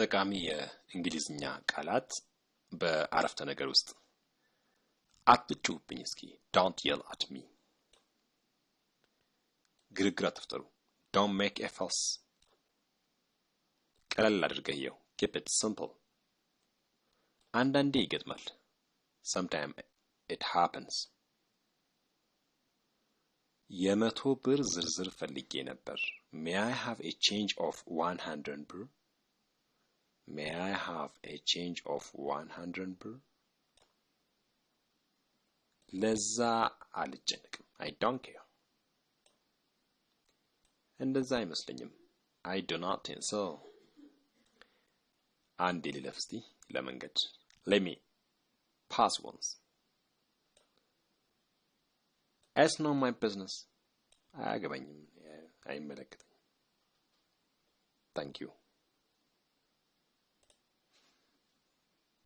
ጠቃሚ የእንግሊዝኛ ቃላት በአረፍተ ነገር ውስጥ አትጩሁብኝ፣ እስኪ ዶንት የል አት ሚ። ግርግር አትፍጠሩ፣ ዶንት ሜክ ኤ ፋስ። ቀለል አድርገህ የው፣ ኪፕ ኢት ሲምፕል። አንዳንዴ ይገጥማል፣ ሰምታይም ኢት ሃፕንስ። የመቶ ብር ዝርዝር ፈልጌ ነበር። ሜይ አይ ሃቭ ኤ ቼንጅ ኦፍ ዋን ሃንድረድ ብር May I have a change of 100 ብር? ለዛ አልጨነቅም። አይ ዶንት ኬር። እንደዛ አይመስለኝም። አይ ዱ ናት ቲንክ ሶ። አንዴ ልለፍ እስቲ ለመንገድ። ሌት ሚ ፓስ ወንስ ኢትስ ኖት ማይ ቢዝነስ። አያገባኝም፣ አይመለከተኝም። ታንክ ዩ